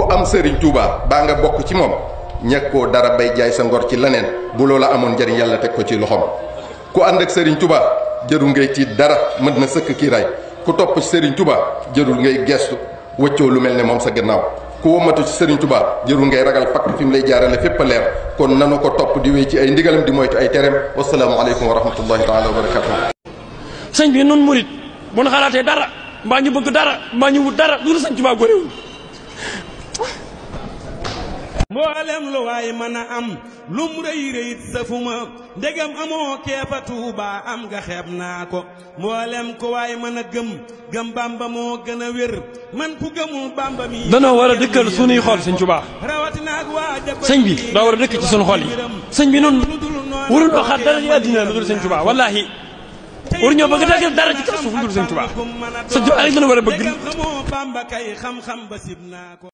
ku am sëriñ Touba baa nga bokk ci moom ñekkoo dara bay jaay sa ngor ci leneen bu loola amoon njariñ yàlla teg ko ci loxoom ku ànd ak sëriñ Touba jërul ngay tiit dara mën na sëkk kii ku topp ci sëriñ Touba jërul ngay gestu wëccoo lu mel ne moom sa gannaaw ku womatu ci sëriñ Touba jërul ngay ragal pakk fi mu lay jaarale fépp a leer kon nanu ko topp di wéy ci ay ndigalam di moytu ay tereem wasalaamualeykum wa rahmatullahi taala wa barakatuh sëñ bi nun murit bu nu xalaatee mboolem lu waay mën a am lum rëy rëyit safuma ndegam amoo keefa tuuba am nga xeeb naa ko mboolem ku waay mën a gëm gëm bamba moo gën a wér man ku gëmul bamba mi danoo war a dëkkal sunuy xol sëñ Tuubaa rawatinag waaja sëñ bi daa war a dëkk ci sunu xol yi sëñ bi nun waruñoo xaar dara ci àddina lu dul sëñ Tuubaa wallaahi war ñoo bëgg dajal dara ci kaw suuf lu dul sëñ Tuubaa sëñ Tuubaa rek dana war a bëgg